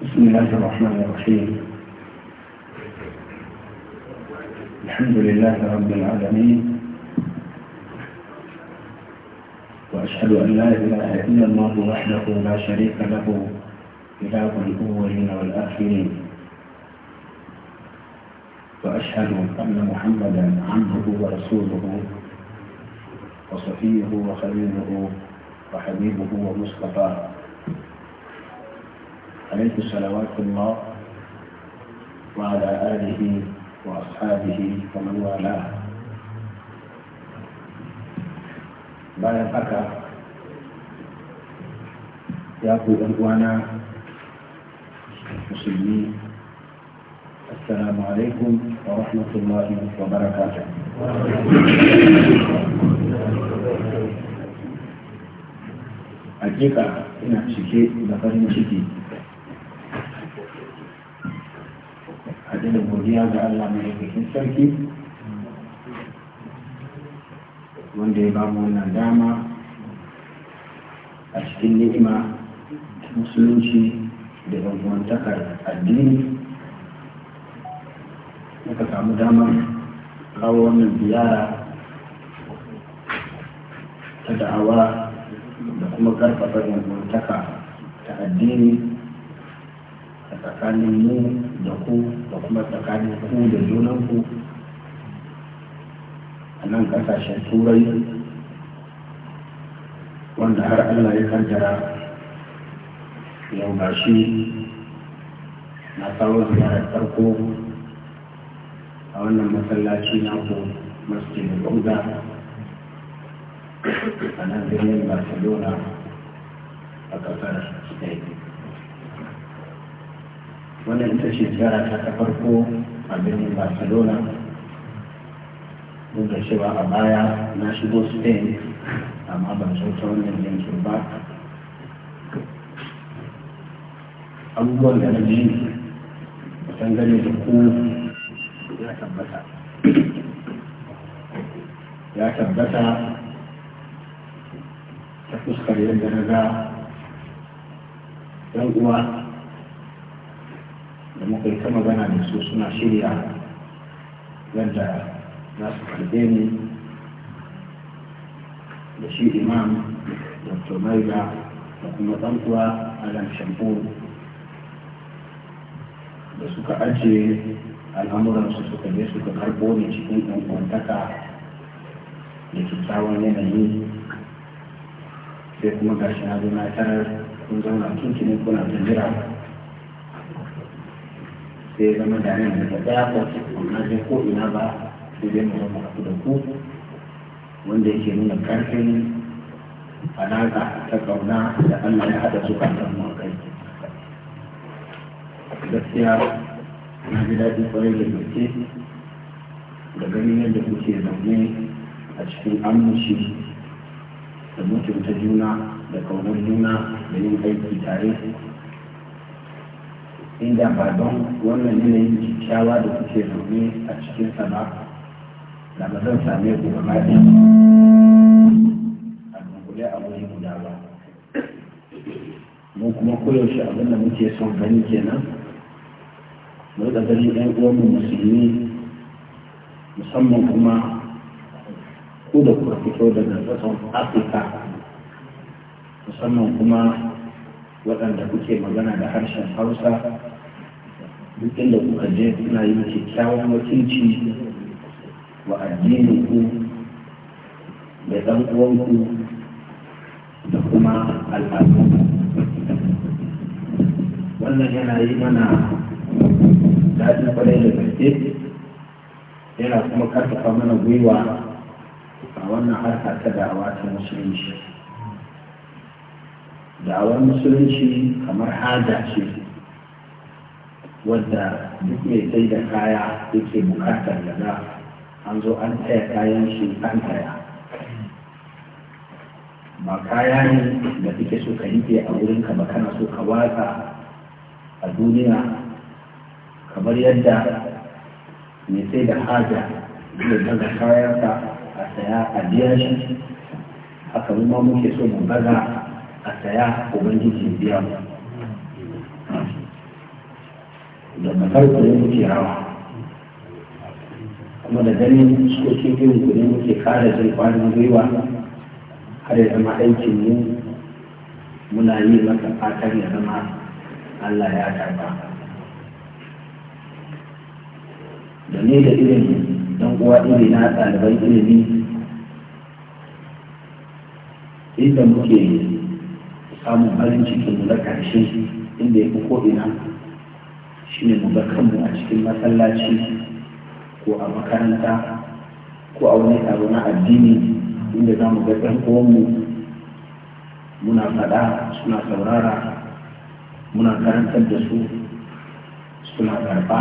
بسم الله الرحمن الرحيم الحمد لله رب العالمين وأشهد أن لا إله إلا الله وحده لا شريك له إله الأولين والآخرين وأشهد أن محمدا عبده ورسوله وصفيه وخليله وحبيبه ومصطفاه عليه صلوات الله وعلى آله وأصحابه ومن والاه بعد ذلك يا أبو إخوانا المسلمين السلام عليكم ورحمة الله وبركاته حقيقة إن شكي لفرين شكي a da godiya ga Allah maɗaukakin sarki wanda ya bamu wannan dama a cikin ni'ima musulunci da yankuwantakar addini muka samu damar kawo wannan ziyara ta da'awa da kuma karfafa yankuwantaka ta addini tsakanin mu da ku da kuma tsakanin ku da junanku a nan kasashen turai wanda har allah ya kaddara yau ga shi na kawo ziyarar farko a wannan masallaci na ku masjidin buga a nan birnin barcelona a kasar spain wannan ita ce ziyara ta ta farko a birnin barcelona duk da cewa a baya na shigo spain amma ban ta wannan yankin ba abubuwan da na ji kusan gane da ku ya tabbata ya tabbata ta fuskar yadda na ga 'yan uwa muka bana ta magana da su suna shirya yadda za su karbe ni da shi imam dr maida da kuma ɗan uwa alan da suka ajiye al'amuransu suka je suka karɓo ni cikin ɗan'uwantaka da kyakkyawan yanayi sai kuma gashi na zo na tarar kun zauna tuntunin kuna tunjira sai zama da nan daga daya ko amma dai ko ina ba sai dai mu zama ku da ku wanda yake nuna karfin alaƙa ta kauna da Allah ya haɗa su kan a kai gaskiya na ji daɗi kwarai da gaske da ganin yadda kuke zaune a cikin aminci da mutunta juna da kaunar juna da yin aiki tare inda ba don wannan yanayin kyakkyawa da kuke zaune a cikin sama da ba zan same ku ba mafi a dunkule a wuri guda ba mu kuma koyaushe abin da muke son gani kenan mu da gani ɗan uwanmu musulmi musamman kuma ku da kuka fito daga ƙasar afirka musamman kuma waɗanda kuke magana da harshen hausa duk inda kuka je suna yi kyakkyawan wakilci wa addinin ku da dan uwanku da kuma al'adu wannan yana yi mana daɗin kwarai da gaske yana kuma karfafa mana gwiwa a wannan harka ta da'awa ta musulunci da'awar musulunci kamar hada ce wanda duk mai sai da kaya yake bukatar da za an zo an taya kayan shi an taya ba kaya ne da suke so ka rike a wurinka ba kana so ka watsa a duniya kamar yadda mai sai da haja zai daga kayansa a saya a biyan shi haka ma muke so mu baza a saya ubangiji biya mu da ne muke rawa kuma da ganin sokin irin ku muke kare jin kwarin gwiwa har ya zama aikin mu muna yi maka fatan ya zama Allah ya karba da ne da irin don uwa iri na ɗaliban ilimi inda muke samun farin cikin mu na inda ya fi ko'ina shi ne ga kanmu a cikin masallaci ko a makaranta ko a wani taro na addini inda za mu ga ɗan uwanmu muna faɗa suna saurara muna karantar da su suna karɓa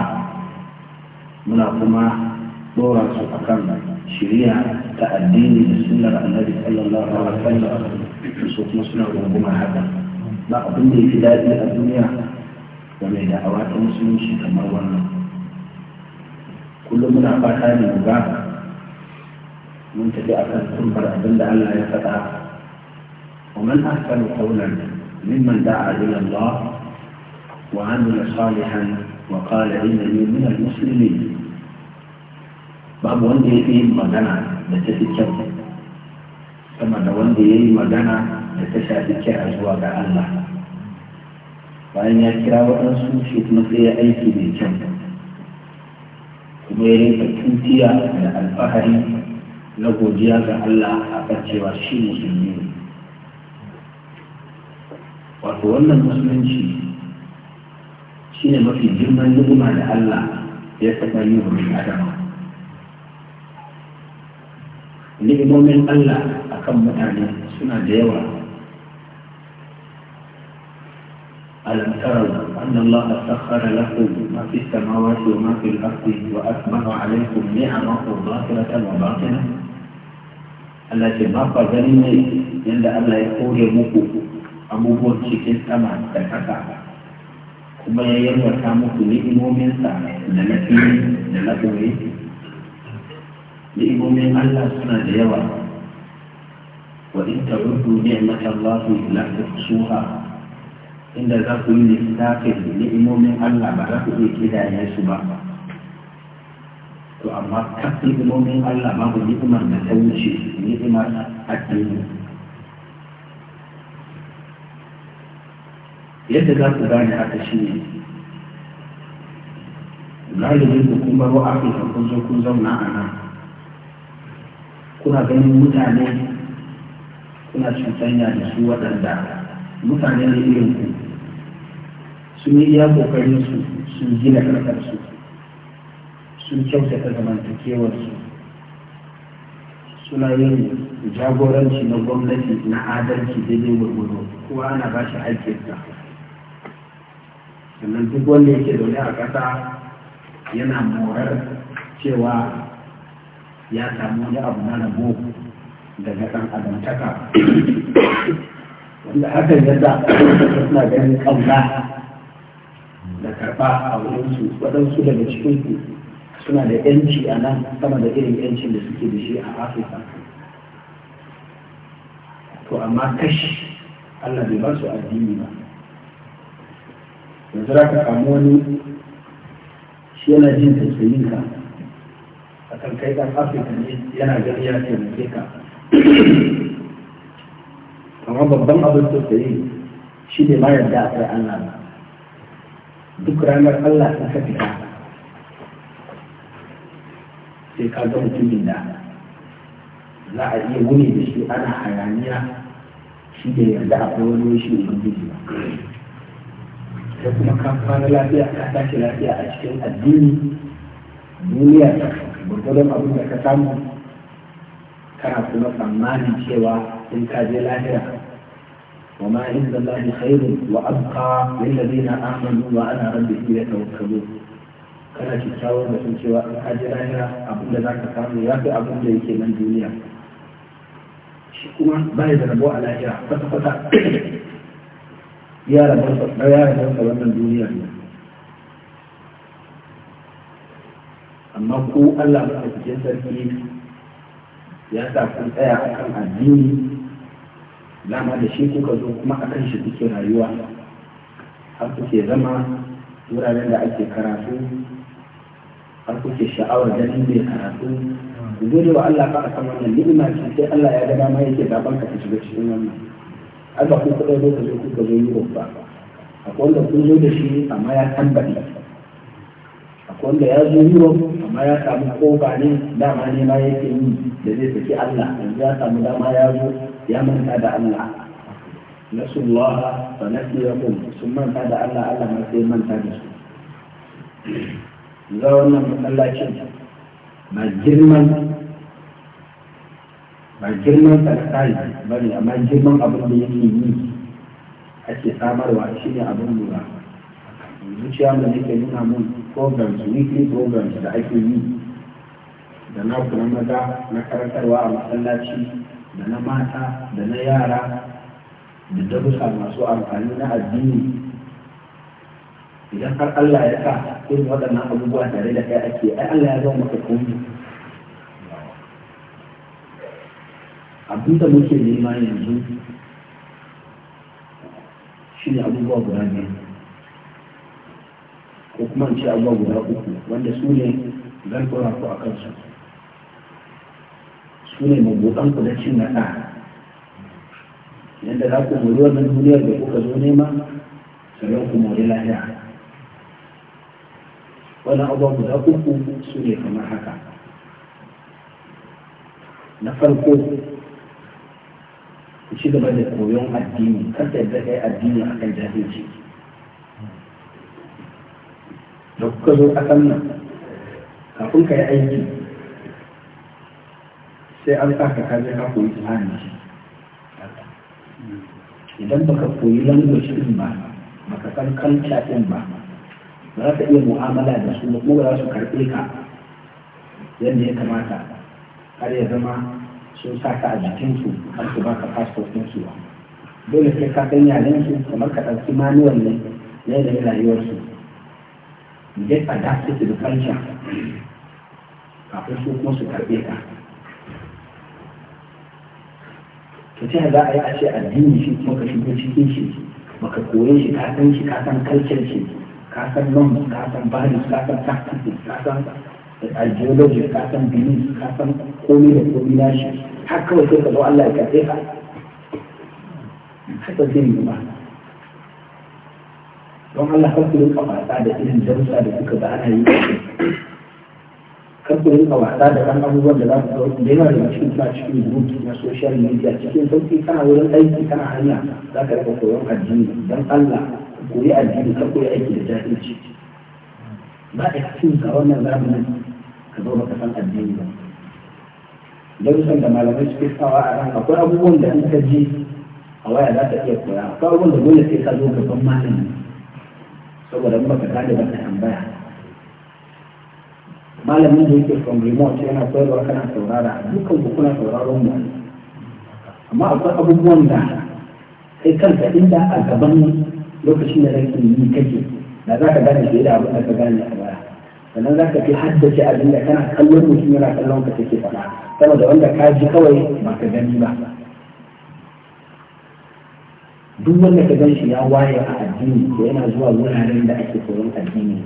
muna kuma ɗora su a kan shirya ta addini da sunnar annabi sallallahu alaihi wasallam su kuma suna gunguma haka ba abin da ya fi daɗi a duniya game da hawa ta musulunci kamar wannan kullum muna fata ne ga mun tafi a kan tumbar abin da Allah ya faɗa wa man ahsanu qawlan mimman da'a ila Allah wa amila salihan wa qala innani min al-muslimin babu wanda ya yi magana da ta fi kyau sama da wanda ya yi magana da ta shafi kira zuwa ga Allah bayan ya kira waɗansu shi kuma sai ya aiki mai kyau kuma ya rinka tutiya da alfahari na godiya ga Allah a kan cewa shi musulmi ne wato wannan musulunci shi ne mafi girman luguma da Allah ya taɓa yi wa mai adama ni'imomin Allah akan mutane suna da yawa ألم تروا أن الله سخر لكم ما في السماوات وما في الأرض وأكمل عليكم نعمه ظاهرة وباطنة التي ما ذلك إلا أن لا يقول مكو أمو شكل سماء تكتع كما يرى كامو كلي إمو من سعر نمتين نمتوي لإمو من الله سنة ديوة وإن تعدوا نعمة الله لا تحصوها inda za ku yi lissafin ni'imomin Allah ba za ku iya kidaye su ba to amma kan ni'imomin Allah ku ni'imar da ta wuce ni'imar addini yadda za ku gane haka shi ne galibin ku kuma ruwa afirka kun zo kun zauna a nan kuna ganin mutane kuna cuɗanya da su waɗanda mutane ne irin ku sun yi iya kokarin su sun gina karkarsu sun kyautata zamantakewarsu suna yin jagoranci na gwamnati na adalci daidai gwargwado kowa ana ba shi aikinsa sannan duk wanda yake zaune a ƙasa yana morar cewa ya samu wani abu na rabo daga ɗan adamtaka wanda hakan yadda suna ganin ƙaunar. karɓa a wurinsu waɗansu daga cikinku suna da yanci a nan sama da irin yancin da suke da shi a afirka to amma kashi allah bai ba su addini ba yanzu za ka samu wani shi yana jin tattalin ka a kan kai ɗan afirka ne yana gani ya taimake ka amma babban abin tattalin shi ne ma yadda a kai allah ba duk ranar Allah ta ka fita sai ka ga mutumin da za a iya wuni da shi ana hayaniya shi da yarda akwai wani shi ubangiji ba sai kuma ka fara lafiya ka tashi lafiya a cikin addini duniya gurgurdan abin da ka samu kana kuma tsammanin cewa in ka je lahira وما عند الله خير وأبقى للذين آمنوا وعلى ربهم يتوكلون kana kyakkyawar da sun cewa in ka je lahira abin da za ka samu ya fi abin da yake nan duniya shi kuma baya da rabo a lahira kwata-kwata ya rabarsa wannan duniya ne amma ko Allah ba a cikin sarki ya sa kun tsaya akan addini dama da shi kuka zo kuma a kan shi kuke rayuwa har kuke zama wuraren da ake karatu har kuke sha'awar ganin mai karatu gode wa Allah ka akan wannan ni'ima ce sai Allah ya ga dama yake zaban ka shiga cikin wannan ba ku kuɗa zo ka zo kuka zo yi babba akwai wanda kun zo da shi amma ya tambaye akwai wanda ya zo Europe amma ya samu koba ne dama ne ma yake yi da zai saki Allah yanzu ya samu dama ya zo ya manta da Allah nasu Allah fa nasiyahum sun manta da Allah Allah ma sai manta da su za wannan masallacin ba girman ba girman tsarkai ba ne amma girman abin da yake yi ake samarwa shi ne abin da ke nuna mun programs weekly programs da ake yi da na kuma maza na karantarwa a masallaci da na mata da na yara da dabuka masu amfani na addini idan har Allah ya sa irin waɗannan abubuwa tare da kai ake ai Allah ya zama maka komi abinda muke nema yanzu shi ne abubuwa guda biyu ko kuma in ce abubuwa guda uku wanda su ne zan ɗora ku a kansu su ne mabuɗan ku na cin naɗa yadda za ku mori wannan duniyar da kuka zo nema sannan ku mori lafiya Wani abubuwa guda uku su ne kamar haka na farko ku ci gaba da koyon addini kar da kai addini akan jahilci da kuka zo a nan kafin ka yi aiki sai an saka ka je ka koyi tunani idan baka koyi language din ba baka san culture din ba ba za ka iya mu'amala da su ba za su karɓe ka yadda ya kamata har ya zama sun sa ka a su har su baka passport din su ba dole sai ka san yaren su kamar ka ɗauki manuwar ne na yanayin su get adapted to the culture kafin su kuma su karɓe ka to za a yi a ce addini shi kuma ka shigo cikin shi baka koye shi ka san shi ka san kalcin shi ka san nomba ka san bari ka san tactics ka san ideology ka san beliefs ka san komai da komai na shi har kawai sai ka zo Allah ya karɓe ka haka zai yi ba don Allah har ku kafa da irin darussa da kuka ba ana yi kar ku rinka wasa da ɗan abubuwan da za su kawo da yawa daga cikin suna cikin group na social media cikin sauƙi kana wurin aiki kana hanya za ka rika koyon addini don Allah ku yi addini ka koyi aiki da jahilci ba a cikin ka wannan zamanin ka zo baka san addini ba darussan da malamai suke sawa a ran akwai abubuwan da an ka ji a waya za ka iya koya akwai abubuwan da dole sai ka zo gaban malami saboda in baka gane ba ka tambaya malamin da yake from remote yana koyarwa kana saurara dukkan ku kuna sauraron mu amma akwai abubuwan da kai kanka inda a gaban lokacin da kake yi kake da za ka gane fiye da abin da ka gane a baya sannan za ka fi haddace abin da kana kallon mutum yana kallon ka take faɗa da wanda ka ji kawai ba ka gani ba duk wanda ka gan shi ya waye a addini ko yana zuwa wuraren da ake koyon addini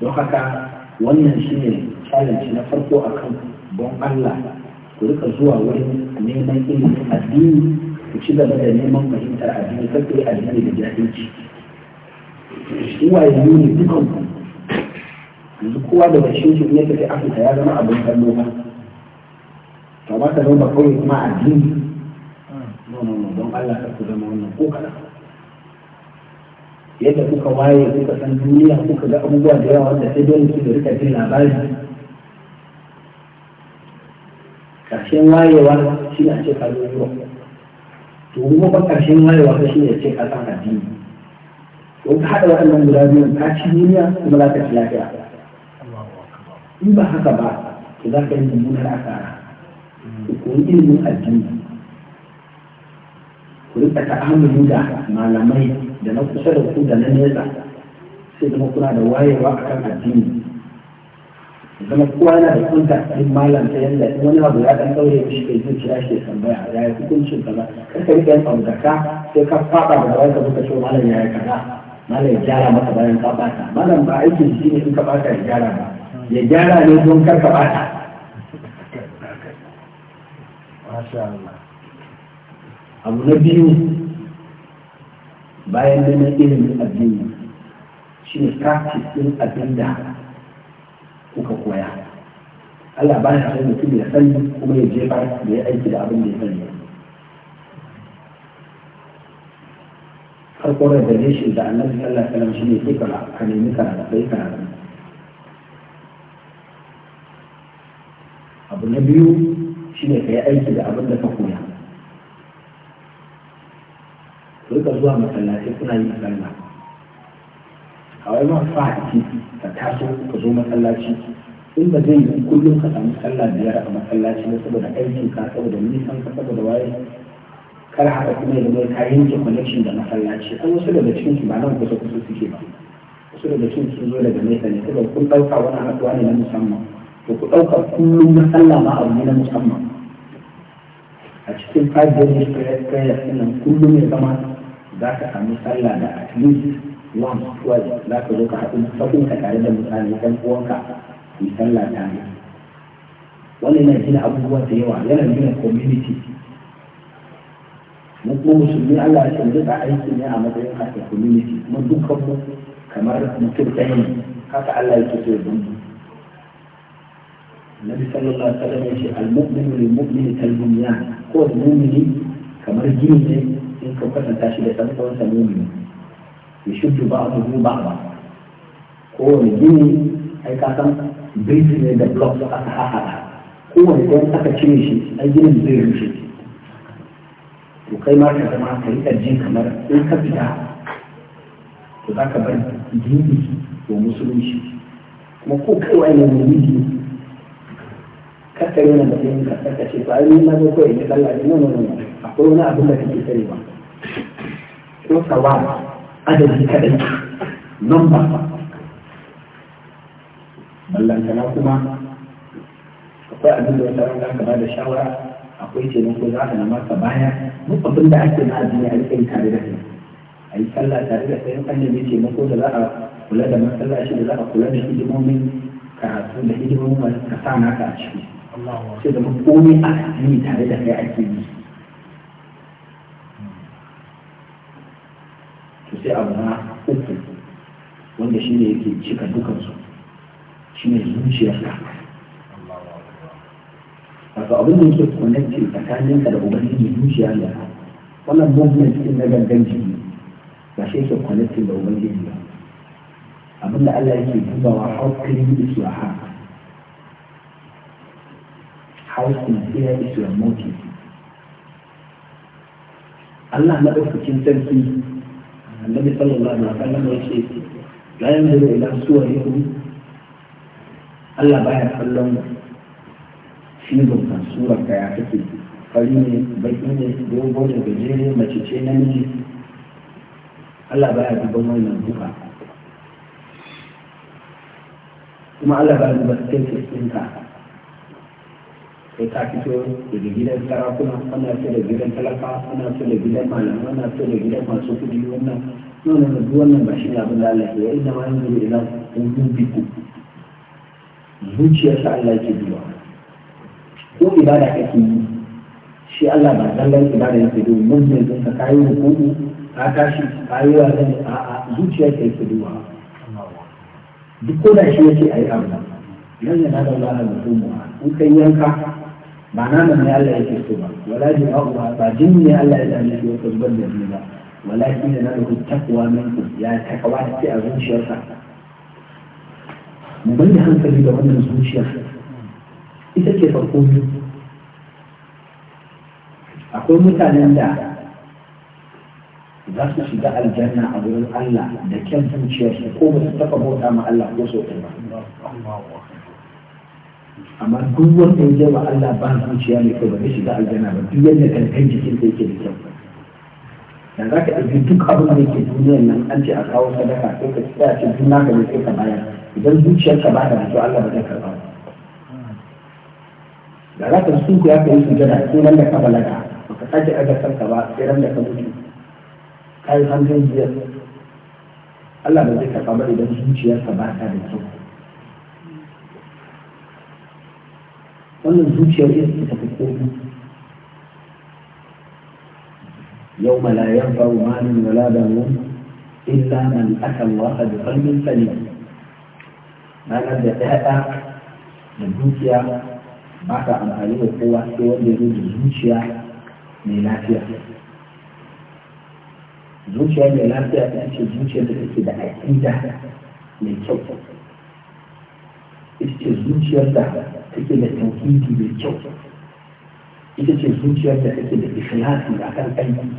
don haka wannan shi ne challenge na farko a kan don Allah ku rika zuwa wurin neman ilimin addini ku ci gaba da neman fahimtar addini kar ku yi addini da jahilci shi ne ne dukan ku yanzu kowa da bashin shi ne tafi Afirka ya zama abin kallo ba to ba ta zama kawai kuma addini no no no don Allah ka ku zama wannan ko kaɗan yadda kuka waye kuka san duniya kuka ga abubuwa da yawa wanda sai dole su rika jin labari karshen wayewa shi ne a ce ka zo to kuma ba karshen wayewa ba shi ne a ce ka san addini to ka haɗa waɗannan guda biyu ka ci duniya kuma za ka ci lafiya in ba haka ba to za ka yi mummunar asara ku koyi ilimin addini ku rika ta'amuli da malamai da na kusa da ku da na nesa sai kuma kuna da wayewa a kan addini zama kowa yana da kunta in malam ta yanda wani abu ya dan daure shi kai zai kira shi tambaya ya yi hukuncin kaza kar ka rika yin ka sai ka faɗa da bayan ka zo ka malam ya yi kaza malam ya gyara maka bayan ka bata malam ba aikin shi ne in ka bata ya gyara ba ya gyara ne don kar ka bata abu na biyu bayan ganin ilimin addini shi ne practice ɗin abin da kuka koya Allah ba ya san mutum ya sani kuma ya jefa da ya aiki da abin da ya sani farko da gare shi da annabi sallallahu alaihi wasallam shi ne sai kala ka nemi karatu sai karatu abu na biyu shi ne ka yi aiki da abin da ka koya rika zuwa masallaci suna yin sallah a wai ma fa ka taso ka zo masallaci in ba zai yi kullum ka samu sallah biyar a masallaci ba saboda aiki ka saboda nisan ka saboda waye kar haka kuma ya zama ka yanke connection da masallaci an wasu daga cikin su ba nan kusa kusa suke ba wasu daga cikin sun zo daga nesa ne saboda kun ɗauka wani haɗuwa ne na musamman to ku ɗauka kullum na sallah ma abu ne na musamman a cikin five days prayer prayer kullum ya zama za ka samu sallah da at least one twelve za ka zo ka haɗu sabon ka tare da mutane ɗan uwanka ku sallah tare wannan yana gina abubuwa da yawa yana gina community mu kuma musulmi Allah ya canza da aiki ne a matsayin haka community kuma dukkan mu kamar mutum ɗaya ne haka Allah ya so ya bambu Nabi sallallahu alaihi wasallam ya ce al-mu'minu lil-mu'mini kal-bunyan ko mumini kamar gini ne in ka kwatanta shi da ɗan uwansa mumini ya shuddu ba a tuhu ba ba kowane gini ai ka san birki ne da blok suka ta haɗa kowane ɗan aka cire shi ai ginin zai rushe to kai ma ka zama ka riƙa jin kamar in ka fita to za ka bar gini wa musulunci kuma ko kai wa ne mumini kakka na da ɗin ka ce to ai ni na zo kawai ne kalla ne no no no akwai wani abin da kake sani ba ko sawa adadi kaɗai namba ballantana kuma akwai abin da wata ran za ka ba da shawara akwai taimako za ka nama ka baya duk abin da ake na addini a rikin tare da kai a yi sallah tare da kai kan da taimako da za a kula da masallaci da za a kula da hidimomin karatu da hidimomin ka sa naka a ciki sai da komai a addini tare da kai ake yi abu na uku wanda shi ne yake cika dukansu shi ne zuciyarka wato abin da yake kwananci tsakaninka da ubangiji zuciya ne wannan movement cikin na gangan jini ba shi yake kwananci da ubangiji ba abin da Allah yake dubawa how clean is your heart how sincere is your motive Allah ɗaukacin sarki annabi sallallahu alaihi wasallam ya ce la yanzuru ila suwarikum Allah baya kallon cizon kan surar kaya take fari ne baki ne dogo da gajere mace ce na namiji Allah baya duban wannan duka kuma Allah baya duban kai ɗinka sai ka fito daga gidan sarakuna ana so da gidan talaka ana so da gidan malamai ana so da gidan masu kuɗi wannan wannan da duk wannan ba shi ne abin da Allah yi inda ma yanzu da ila qulubikum zuciyar sa Allah yake duba ko ibada ke yi shi Allah ba zallan ibada ya ke duba mun ne din ka kai hukumu ka tashi kayi wa ne a a zuciyar ka ke duba duk ko da shi yake ayi abu nan yana da Allah da hukumu in kai yanka معناه من ولكن يكتبها ولا يجب فجن يعلى أن يكتب بالله ولكن أنا أقول تقوى منكم يعني تقوى في أظن شيخا من بين هم تجد أن أظن شيخا إذا كيف أقول أقول مثالي أن دعنا ذاتنا في دعال الجنة أقول الله ده كان تنشيخ يقوم تتقبوه تعمى الله الله أكبر amma duk wanda ya jaba Allah ba zuciya mai kyau ba zai shiga aljanna ba duk yadda kankan jikin da yake da kyau da za ka ɗauki duk abin da yake duniyar nan an ce a kawo sadaka sai ka tsaya ce duk naka ne sai ka bayar idan zuciyarka ba da to Allah ba zai karɓa da za ka su ku ya kai sujada sai nan da ka balaga ba ka sake ɗaga kanka ba sai ran da ka mutu ka yi hankali biyar Allah ba zai karɓa ba idan zuciyarka ba ta da kyau wannan zuciyar iya su tafi kofi yau mala ya faru malin wala damu illa man aka Allah da kalmin salim ranar da ɗaya da zuciya ba ta amfani da kowa sai wanda ya zo da zuciya mai lafiya zuciya mai lafiya ta ce zuciya da take da aƙida mai kyau ita ce zuciyar da take da tauhidi mai kyau ita ce zuciyar da take da ikhlasi a kan aiki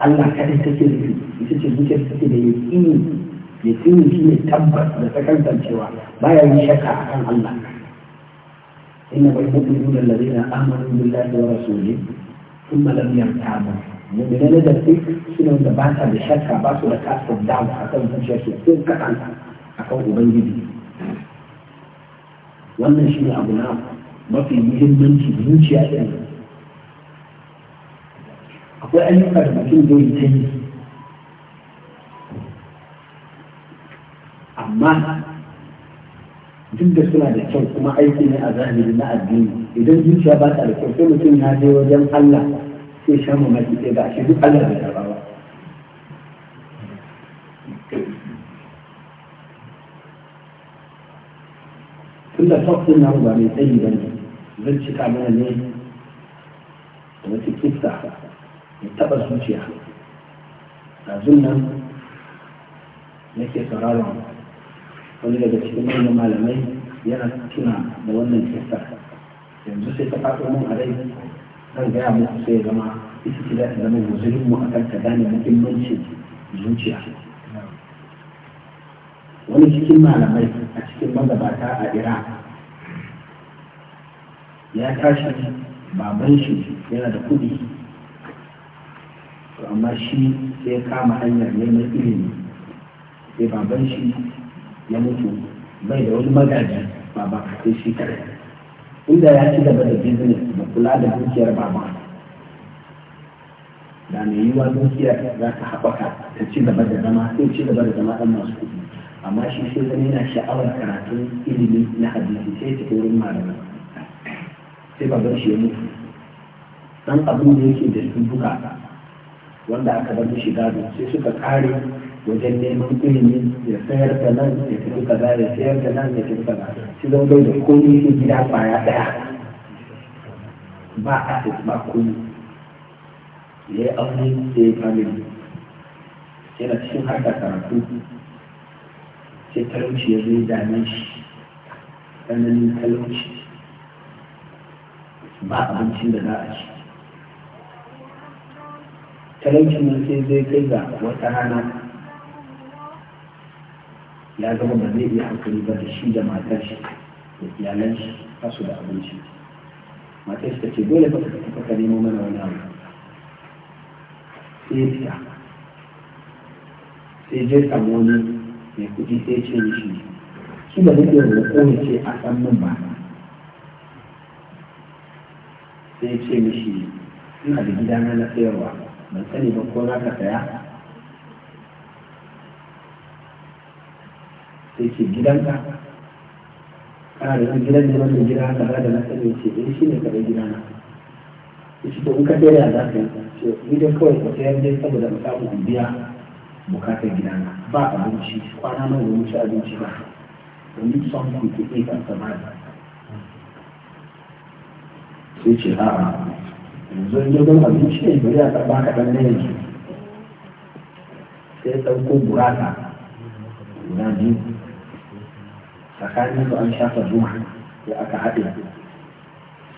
Allah kaɗai take da ita ce zuciyar da take da yaƙini yaƙini shi ne tabbas da sakantancewa baya yin shakka a kan Allah إنما المؤمنون الذين آمنوا بالله ورسوله ثم لم يرتابوا mummune na da sai suna da ba sa da shakka ba su da kasar da a kan zuciya su sun kaɗan a kan ubangiji wannan shi ne abu na mafi muhimmanci zuciya ɗin akwai ayyuka da mutum zai ta yi amma duk da suna da kyau kuma aiki ne a zahiri na addini idan zuciya ba ta da kyau sai mutum ya je wajen Allah sai shan mamaki sai eh, ba shi duk Allah da ba tunda tafsin na ba mai tsayi ba ne zan cika mana ne da wata kista da taɓa zuciya ɗazun nan nake sauraron wani daga cikin manyan malamai yana tuna da wannan kista yanzu sai ta faɗo mun a rai zan gaya muku sai ya zama ita ce za ta zama yanzu mu akan ta gane muhimmancin zuciya wani cikin malamai a cikin magabata a Iran ya tashi baban shi yana da kuɗi to amma shi sai kama hanyar neman ilimi sai baban shi ya mutu bai da wani magaji baba sai shi kare inda ya ci gaba da business da kula da dukiyar baba da mai yiwa dukiyar za ta haɓaka ta ci gaba da zama sai ci gaba da zama ɗan masu kuɗi amma shi sai zama yana sha'awar karatun ilimi na hadisi sai ta wurin malamai sai baban shi ya mutu dan abin da yake da sun buka wanda aka bar shi gado sai suka kare wajen neman ilimi ya sayar da nan ya tafi kaza ya sayar da nan ya tafi kaza sai zan bai da komai sai gida kwaya daya ba a asset ba komai ya yi aure ya yi family yana cikin harkar karatu sai talauci ya zai dame shi tsananin talauci ba abincin da za a ci talaucin nan sai zai kai ga wata rana ya zama ba zai iya hankali ba da shi da matar shi da iyalan shi ba su da abinci matar shi ta ce dole ba ka tafi ka nemo mana wani abu sai ya fita sai je samu wani mai kuɗi sai ce shi shi da nake roƙo ne ce a san min ba sai ce mishi ina da gida na sayarwa ban sani ba ko za ka saya sai ce gidanka kana da nan gidan ne da gida haka za da na sani ce eh shi ne kaɗai na ya ce to in ka sayar za ka yi ce gidan kawai ka sayar dai saboda in samu biya bukatar gidana ba abinci kwana nawa wani wuce abinci ba da ni son ku ke ɗaya kan sama da sai ce a yanzu in jagon abinci ne bari a karɓa kaɗan na yanzu sai ɗauko burata guda biyu tsakanin su an shafa zuma da aka haɗe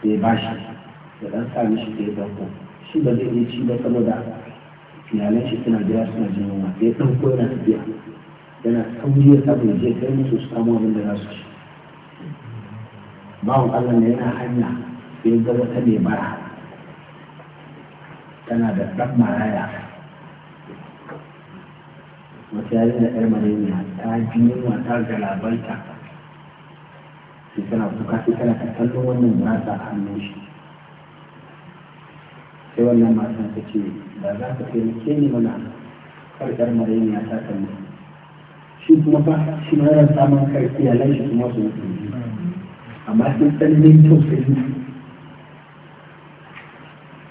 sai bashi da ɗan sami shi sai ɗauko shi ba zai yi ci ba saboda iyalan shi suna jira suna jin yunwa sai ya ɗauko yana tafiya yana sauri ya sabu ya je kai musu su samu abin da za su ci bawon Allah ne yana hanya sai ga wata mai bara tana da ɗan maraya wata yari da ɗan maraya ta ji yunwa ta galabaita sai tana kuka sai tana kallon wannan murasa a hannun shi sai wannan matan ta ce ba za ka taimake ni mana karkar marayin ya ta kan shi kuma ba shi ma yana samun kai a shi kuma su mutu amma sun san ne to sai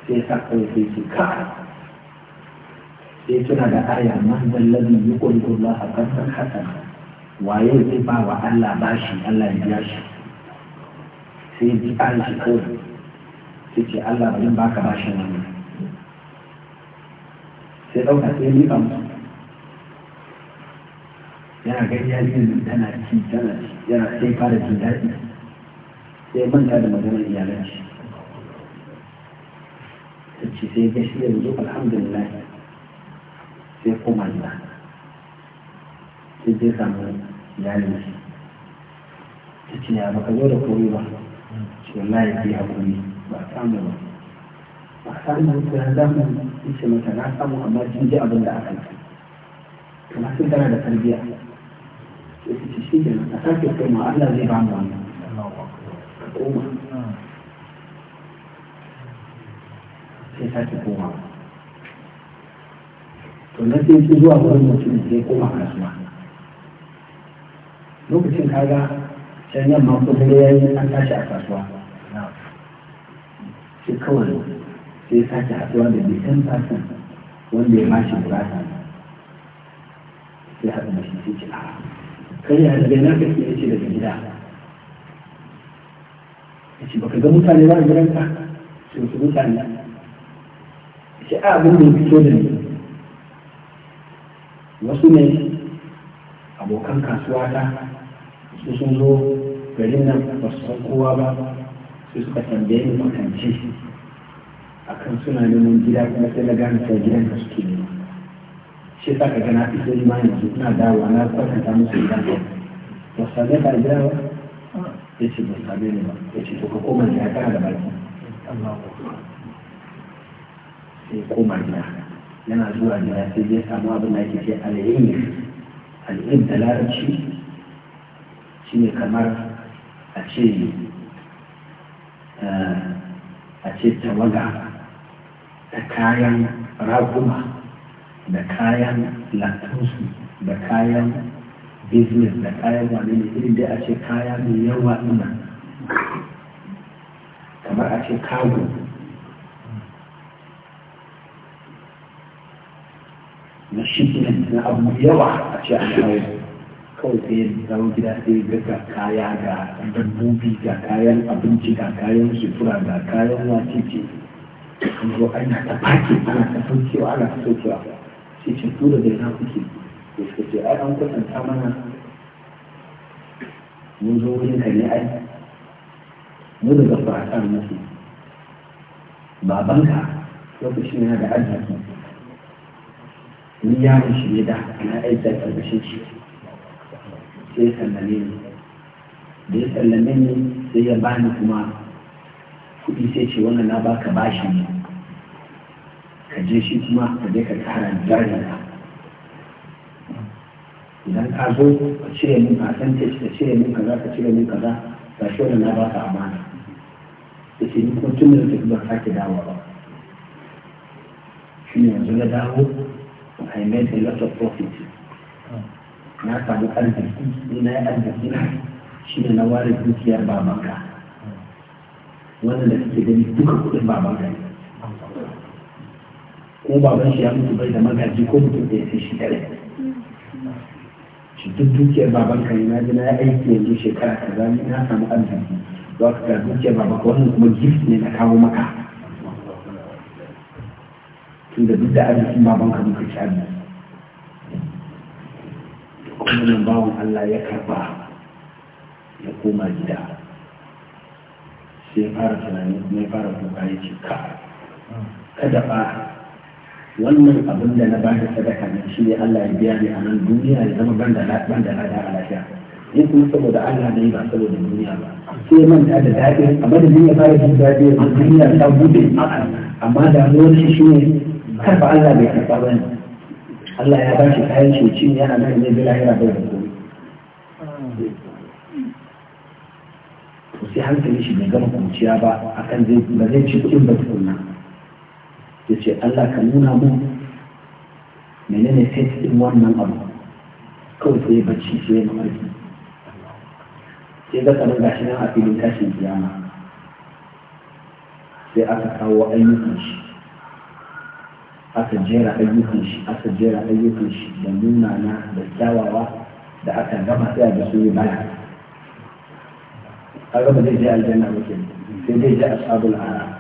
sai sa kawai sai ce ka sai tuna da aya man zallabi yuqulu Allah qadar hasan waye zai ba wa Allah bashi Allah ya biya shi sai bi an shi kawai sai ce Allah bari ba ka bashin wani sai ɗauka sai ya miƙa musu yana gani ya yi tana ci tana ci yana sai fara jin daɗi sai manta da maganar iyalan shi ta ce sai ga shi yanzu alhamdulillah sai koma gida sai zai samu iyalin shi ta ce ya baka zo da kome ba ce wallahi fi haƙuri ba samu ba ba samu ta zamu yace mata na samu amma kin ji abin da aka yi to na san tana da tarbiyya to shi shi ne a sake kuma Allah zai ba mu wannan koma sai sake koma to na sai su zuwa wurin mutum sai koma kasuwa lokacin kaga can yamma kuma ya yi an tashi a kasuwa shi kawai sai ya sake haɗuwa da the fasan wanda ya mashi burata sai haɗu mashi sai ce a kai ya zai na kai ya ce daga gida ya ce baka ga mutane ba a ka sai su mutane ya ce a abin da ya fito da ni wasu ne abokan kasuwa ta su sun zo garin nan ba su san kowa ba su suka tambaye ni a kan suna neman gida kuma sai na gane sai gidan da suke nema shi sa kaga na fito ma yanzu ina dawowa na kwatanta musu gidan ba same ba gida ba ya ce ba same ne ba ya ce to ka koma gida kana da baki sai koma gida yana zuwa gida sai zai samu abin da ake ce al'ilmi al'ilmi da larabci ne kamar a ce Eh, a ce tawaga da kayan raguma da kayan latinsu da kayan business da kayan wani ne irin dai a ce kaya mai yawa ina kamar a ce kago na shipment na abu yawa a ce a kawo kawai sai ya gida sai ya ga kaya ga dabbobi ga kayan abinci ga kayan sutura ga kayan wacece an zo ana ta fake ana ta saukewa ana ta saukewa sai ce tura da yana kuke da suka ce ai an kwatanta mana mun zo wurin ka ne ai mu daga fata muke babanka lokacin yana da arziki ni ya shi ne da na aiki a ƙarƙashin shi sai sallame ni da ya sallame ni sai ya bani kuma kuɗi sai ce wannan na baka bashi ne ka je shi kuma ka je ka kara daraja idan ka zo ka cire min ce ka cire min kaza ka cire min kaza ga shi wannan na baka amana ke ni kuma tun da take ban sake dawo ba shi ne yanzu na dawo I made a lot of profit na samu arziki ina ya arziki na shi ne na ware dukiyar babanka wannan da suke gani duka kudin babanka ne ko baban shi ya mutu bai da magaji ko mutum da ya sai shi dare shi duk dukiyar babanka ne na ji na aiki yanzu shekara ta ni na samu arziki za ka ga dukiyar babanka wannan kuma gift ne na kawo maka tun da duk da arzikin babanka muka ci arziki wannan bawan Allah ya karba ya koma gida sai fara tunani mai fara kuka ya ce ka kada ba wannan abin da na ba da sadaka ne shi ne Allah ya biya ni a nan duniya ya zama ban da lada a lafiya in kuma saboda Allah ne ba saboda duniya ba sai manta da daɗi a madadin ya fara jin daɗi ya duniya ta bude amma da ne shi ne karfa Allah bai karfa ba ne Allah ya ba shi kayan ne yana nan ne bi lahira bai da gobe to sai hankali shi bai gama kuciya ba akan zai ba zai ci kuɗin ba tukunna ya ce Allah ka nuna mu menene sai cikin wannan abu kawai sai bacci sai ya mamarki sai ga kamar gashi nan a filin tashin kiyama sai aka kawo ayyukan shi aka jera ayyukan shi aka jera ayyukan shi da munana da kyawawa da aka gama sai da su yi baya a gaba zai je aljanna muke sai zai je ashabul ara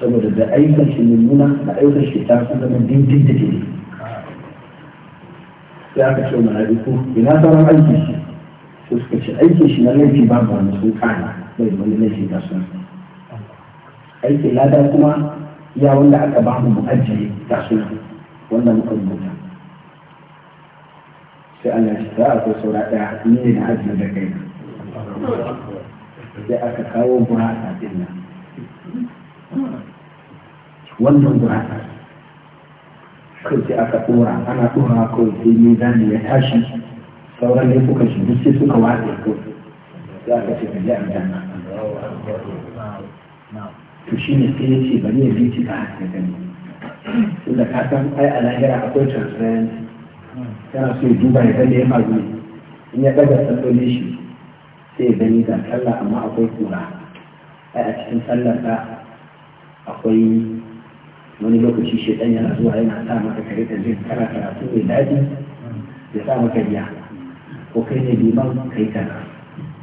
saboda da ayyukan shi mummuna da ayyukan shi ta sun zama dindin da ke sai aka ce mala'iku ina sauran aikin shi su suka ce aikin shi na laifi babu wani sun kana bai wani laifi ba sun aikin lada kuma يا ولا أتى بعض المؤجل تحصل ولا مؤجل سألنا الشفاء في سورة من العزم لكينا جاءك قوم برعاتنا ولا برعاتنا كنت أكبر أنا أرى كل في ميزان يتعشي فورا ليفوك الشمس يفوك واحد يفوك ذاك في مجال الجنة نعم to shi ne sai ya ce bari ya bincika da gani da ka san ai a lahira akwai transparency yana so ya duba ya gani ya mazu in ya daga tsallolin shi sai ya gani ga sallah amma akwai kura ai a cikin sallar akwai wani lokaci shaitan yana zuwa yana sa maka kare da kana karatu mai daɗi ya sa maka biya ko kai ne liman kai kana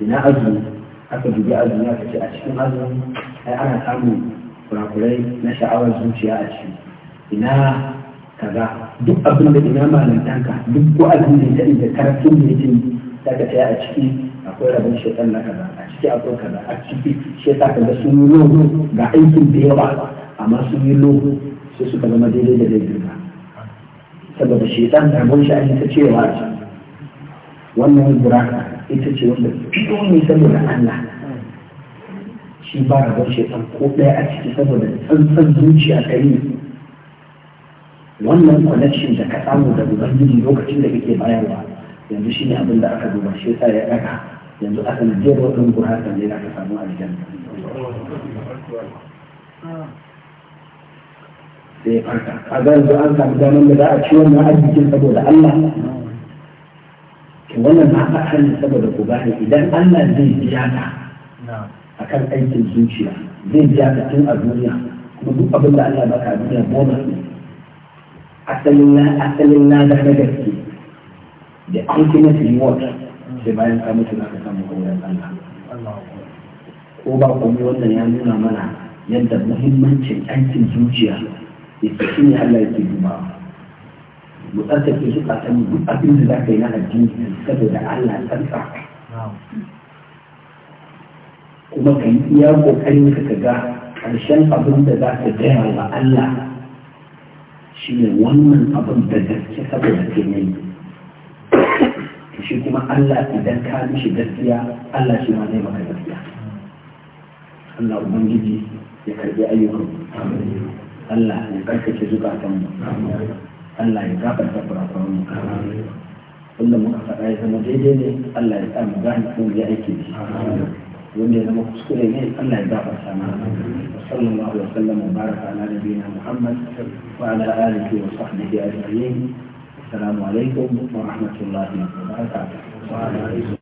ina azumi aka dubi azumi aka ce a cikin azumi ai ana samun kurakurai na sha'awar zuciya a ciki ina kaza duk abin da ina malantanka duk ko abin da ya da karatun da yake da ka taya a ciki akwai rabin shaitan na kaza a ciki akwai kaza a ciki shi yasa kaga sun yi logo ga aikin da yawa amma sun yi logo sai suka zama daidai da daidai ba saboda shaitan rabin shi a ta cewa wannan buraka ita ce wanda fito ne saboda Allah shi ba bar shaitan ko ɗaya a ciki saboda tsantsan zuciya ta yi wannan connection da ka samu da ubangiji lokacin da kake bayarwa yanzu shi ne abin da aka duba shi yasa ya ɗaga yanzu aka na jera waɗin guratan ne da aka samu aljanna sai farka a ga yanzu an samu damar da za a ci wannan arzikin saboda Allah wannan ba a kan saboda ku gane idan Allah zai biya ta a kan aikin zuciya zai biya ta tun a duniya kuma duk abin da Allah baka a duniya bonus ne asalin na asalin na da na gaske da ultimate reward sai bayan ka mutu za ka samu kauran Allah ko ba komai wannan ya nuna mana yadda muhimmancin aikin zuciya yake shi ne Allah yake dubawa mu tsarkake shi tsakanin duk abin da za ka yi na addini saboda Allah tsarka kuma ka yi iya kokarin ka ga ƙarshen abin da za ka gaya wa Allah shi ne wannan abin da gaske saboda ke yi. shi kuma Allah idan ka mishi gaskiya Allah shi ma zai maka gaskiya Allah Ubangiji ya karbi ayyukan Allah ya karkace zukatanmu Allah ya gafarta kurakuran mu wanda muka faɗa ya zama daidai ne Allah ya samu mu gane kuma ya aiki da shi wanda ya zama kuskure ne Allah ya gafarta mana sallallahu alaihi wa sallam wa baraka ala nabiyina Muhammad wa ala alihi wa sahbihi ajma'in assalamu alaikum wa rahmatullahi wa barakatuh